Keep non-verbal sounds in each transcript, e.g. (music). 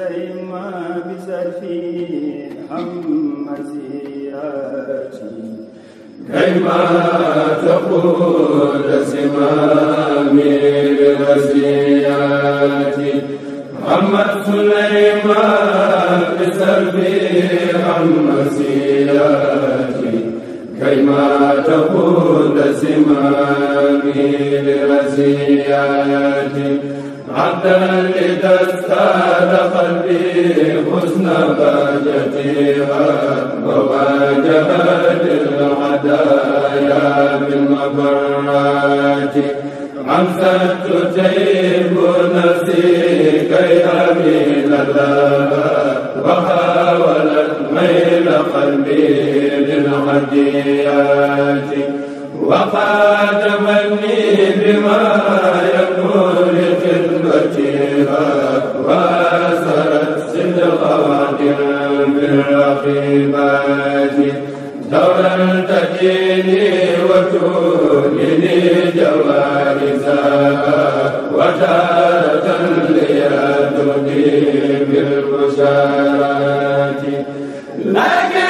ليما بزرف هم زياتي كيما تقول زمامي بغزياتي محمد سليمان بسرب هم زياتي كيما تقول زمامي بغزياتي عبدا إذا استال قلبي حسن بهجتها وواجه للعدايا بالمبرات عمسا تجيب نفسي كي أميل لها وحاولت ميل قلبي للعديات وقد مني بما يكون لخدمتها وسرت صدقا بالرقيبات دورا تديني وتولني جوارزها وتارة ليدني بالبشارات لكن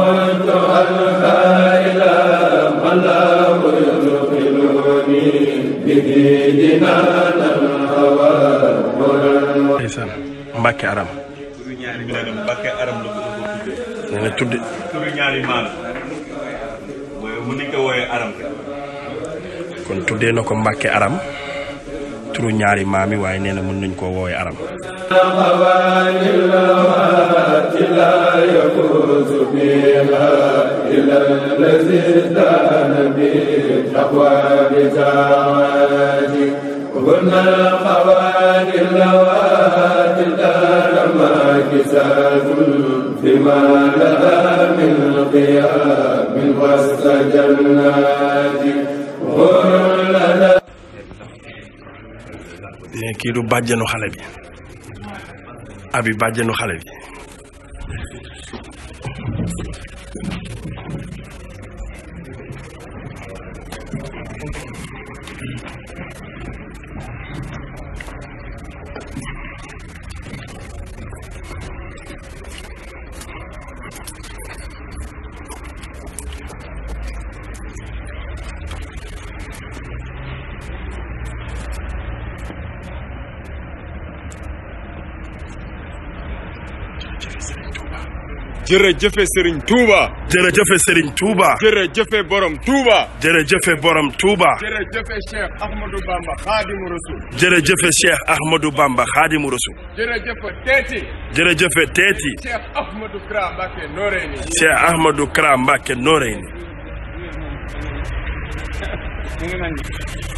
ndeysaan Mbàkke Aram nee na tudd kon tuddee na ko Mbàkke Aram turu ñaari maam yi waaye nee na mën nañ koo woowee aram بما لها من قيام واستجلنا kii du bàjjenu xale bi abi bàjjenu xale bi jërëjëfe Serigne Touba. jërëjëfe Serigne Touba. jërëjëfe Borom Touba. jërëjëfe Borom Touba. jërëjëfe Cheikh Ahmadou Bamba Xaadimu Rasul. jërëjëfe Cheikh Ahmadou Bamba Xaadimu Rasul. jërëjëfe Teeti. jërëjëfe Teeti. Cheikh Ahmadou Kra Mbacké Noreyni. Cheikh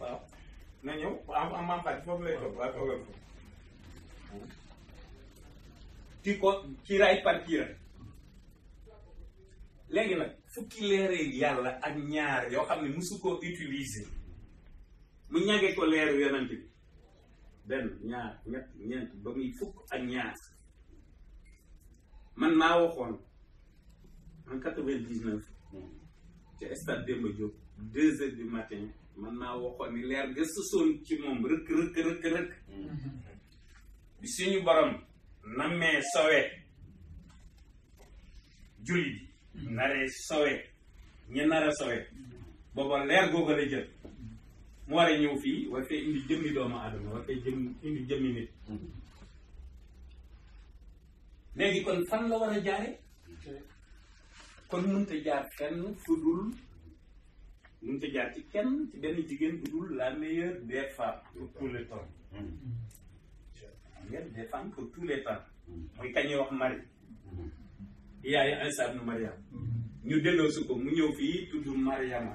waaw na ñëw ko ci raay par kii léegi nag fukki leeree yàlla ak ñaar yoo xam ne musu koo utiliser mu ñage ko leeru yonent bi benn ñaar ñett ñeent ba muy fukk ak ñaar man maa waxoon en quatre-vingt-dix-neuf ca stade Demba Diop man naa waxoon ni leer ga sosoon ci moom rëkk rëkk rëkk mm-hmm. suñu borom nammee sowe julli bi mm-hmm. naree sowe ñu nara sowe mm-hmm. booba leer googu jël mu war a ñëw fii war fee indi jëmmi doomu aadama war fee jëm indi jëmmi nit léegi kon fan la war a jaare kon mënta jaar fenn fu dul mënut a jaar ci kenn ci benn jigéen bu la meilleure des pour tous les temps hmm. Hmm. meilleure des femmes pour tous les temps hmm. mooy kañuy wax Marie yaay Iisaa ibnu Maryam ñu delloosi ko mu ñëw fii tudd Mariama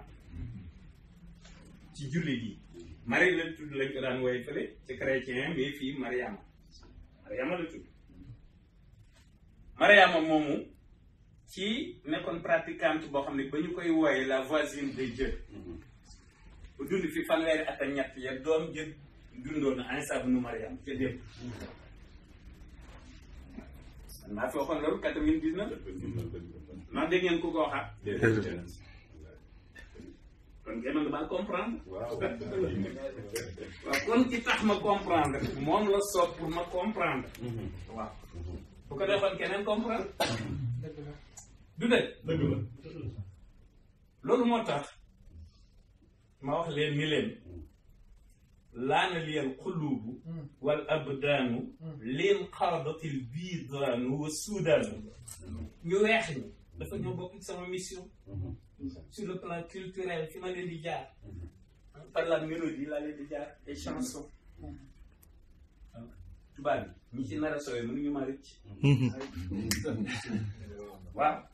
ci jullit yi Marie la tudd lañ ko daan woy fële ci chrétien mais fii Mariama Mariama la tudd Mariama moomu ci nekkoon pratiquante boo xam ne ba ñu koy wooyee la voisine de Dieu bu mm-hmm. dund fi fanweeri at ak ñett ya doom jël dundoon na Insa bnu Mariam ca démb man mm-hmm. maa ngeen ku ko waxaat kon ngeen mën maa comprendre waaw (laughs) kon ci tax ma comprendre moom la soog pour ma comprendre mm-hmm. waaw bu ko defoon keneen comprendre (coughs) loolu moo tax ma wax leen ni leen laana liyal quluubu wal abdaanu leen xaradatil biidaanu wa suudaanu ñu weex ñi dafa ñoo bokk sama mission sur le plan culturel ma leen di jaar par la mélodie laa leen di jaar et chanson tubaab (laughs)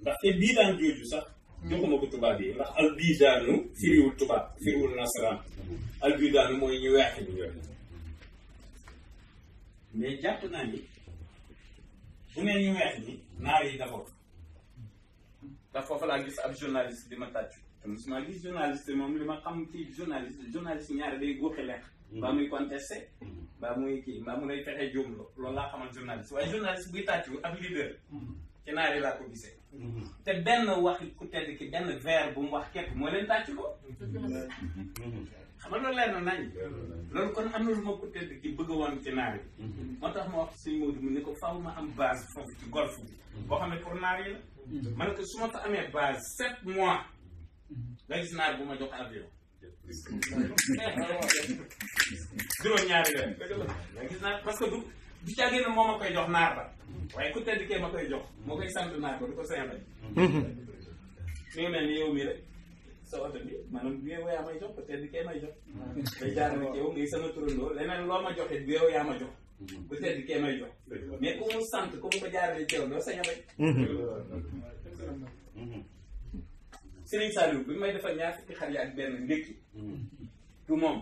ndaxte biidaan jooju sax joxuma ko tubaab yi ndax albidaanu firiwul tubaab firiwul nasaraan albidaanu mooy ñu weex ñu ñooy jàpp naa ni bu nee ñu weex ñi naar yi dafa ndax foofu laa gis ab journaliste di ma tàccu te mosuma gis journaliste moom li ma xam ci journaliste journaliste ñaari day góoxi lekk mbaa muy contesté mbaa muy kii mbaa mu lay fexe juum loolu laa xamal journaliste waaye journaliste buy tàccu ak leader ci naar laa ko te benn waxi ku tedd ki benn vers bu mu wax képp moo leen tàcc ko. xam loolu leer na nañ. loolu kon am na lu ma ku tedd ki bëgg woon ci naar yi. moo tax ma wax suñu Maodo mu ne ko faaw ma am base foofu ci golf bi. boo xam ne pour naar yi la. ma ko su ma fa amee base sept mois. nga gis naar bu ma jox avion. juróom-ñaari weer. dëgg gis naa parce du. du caa génn moom a koy jox naar ba waaye ku tedd kee ma koy jox moo koy sant naar ba du ko sañ bay mi ngi ni yow mii rek sa oto bi maanaam bu may jox ko na ci yow ngay sama turandoo leneen loo ma joxe bu yow yaa ma jox bu tedd a bay mhm. mhm. ak benn ndékki mhm. du moom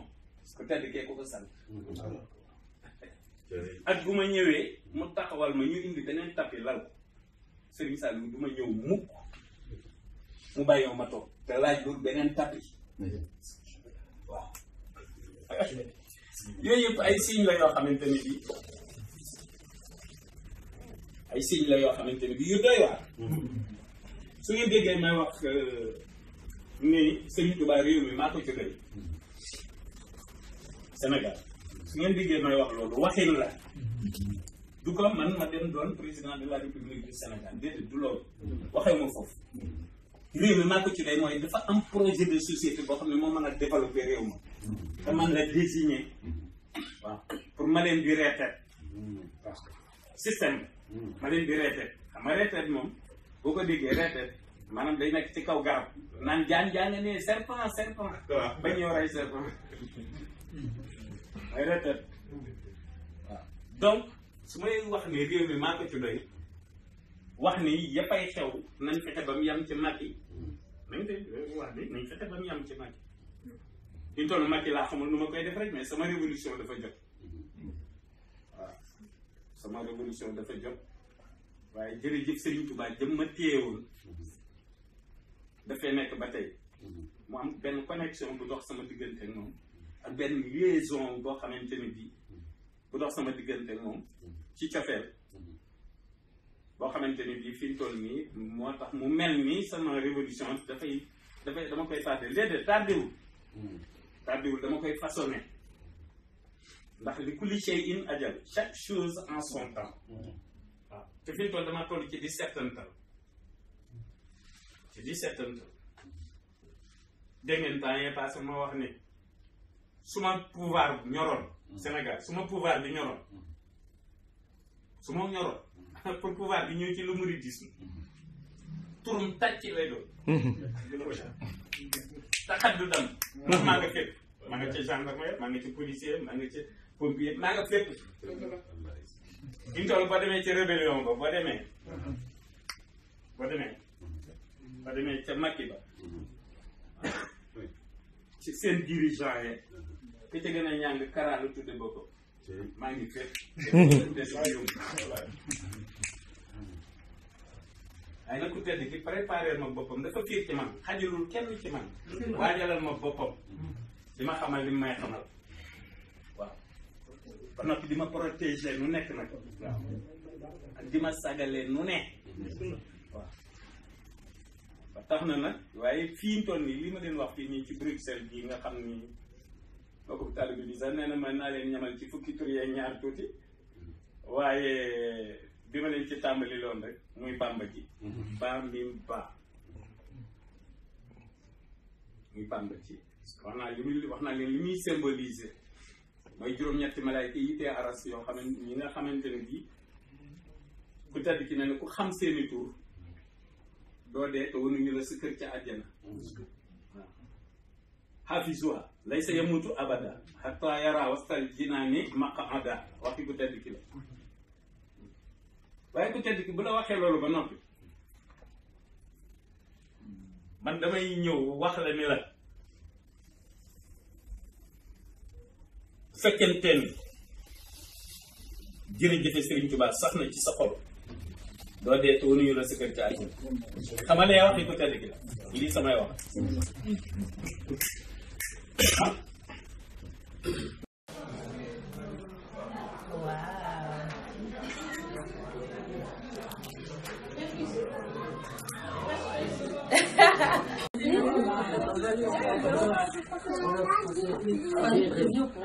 ku tedd kee ku ko sant at bu ma ñëwee mu taxawal ma ñu indi beneen tapi lal Serigne Saliou du ma ñëw mukk mu bàyyoo ma toog te laaj loolu beneen tapi yooyu yëpp ay signe la yoo xamante bi ay signe la yoo xamante ne bi yu doy waar su ngeen déggee may wax euh, ni Serigne Touba réew mi maa ko jógee Sénégal su ngeen déggee may wax loolu waxin la du ko man ma dem doon président de la république du Sénégal déedéet du loolu waxee ma foofu réew mi maa ko ci lay mooy dafa am projet de société boo xam ne moom mën a développer réew ma te man la désigner waaw pour ma leen di reeteet waaw système ma leen di reeteet xam nga reeteet moom boo ko déggee reeteet maanaam day nekk ci kaw garab naan jaan jaan ne serpent serpent waaw ba ñëw rey serpent (laughs) ay retraite waaw donc su may wax ni réew mi maa ko ci doy wax ni yëppay xew nañ fexe ba mu yem ci Macky nañ te euh, wax ni nañ fexe ba mu yem ci Macky ñu toll Macky laa xamul nu ma koy def rek mais sama révolution dafa jot waaw sama révolution dafa jot waaye jërëjëf Serigne Touba jëm ma téye woon mm-hmm. dafay nekk ba tey mm-hmm. mu am benn connexion bu ndox sama diggante moom ak benn liaison boo xamante ne bii bu dox sama diggante moom ci cofeel boo xamante ne bi fi ñu nii moo tax mu mel ni sama révolution dafay dafay dama koy tardé léeg-léeg tardéwul dama koy façonné ndax li kulli shay'in ajal chaque chose en son temps te fi dama toll ci di settantal ci di settantal dégg ngeen yee passé ma wax ne su ma pouvoir ñoroon Sénégal su ma pouvoir bi ñoroon su ma ñoroon (laughs) pour pouvoir bi ñëw ci le mouridisme turum tàcc lay doon taxat du dam ndax mhm. maa nga fépp maa nga ci gendarmerie maa nga ci policier maa nga ci pompier maa nga fépp ñu ci seen dirigeant yi ki ci gën a ñàng karaa lu tudde boppam maa ngi fépp des yóm waaye nag ku tedd ki préparé ma boppam dafa fiir ci man xajalul kenn ci man waajalal ma boppam di ma xamal li may xamal di ma protéger nu nekk nag waaw ak di ma sagalee nu ne ba tax na nag waaye fii mu toll nii li ma leen wax fii nii ci Bruxelles bii nga xam ni mbokku taalibe bi sax nee na ma naa leen ñamal ci fukki tur yeeg ñaar tuuti waaye bi ma leen ci tàmbali loon rek muy bàmba ji. Mhm. ba mim ba muy bàmba ji wax naa li muy wax mooy juróom-ñetti malaayka yi te aras yoo xam ne ñi nga xamante ne bii ku tedd ki ne ku xam seeni tur doo dee te wanuñu la sa kër ca àjjana xaafisuha laysa yamutu abada xataa yara wastal jinaani maqada waxi ku tedd ki la waaye ku tedd ki bu la waxee loolu ba noppi man damay ñëw wax la ni la fekkenteen jërëjëfe Sëriñ Tuubaa sax na ci sa xol doo dee te wanuñu la sa kër ca àjjana xamal ne yaa wax yi ko tedd gi la lii samay wax waaw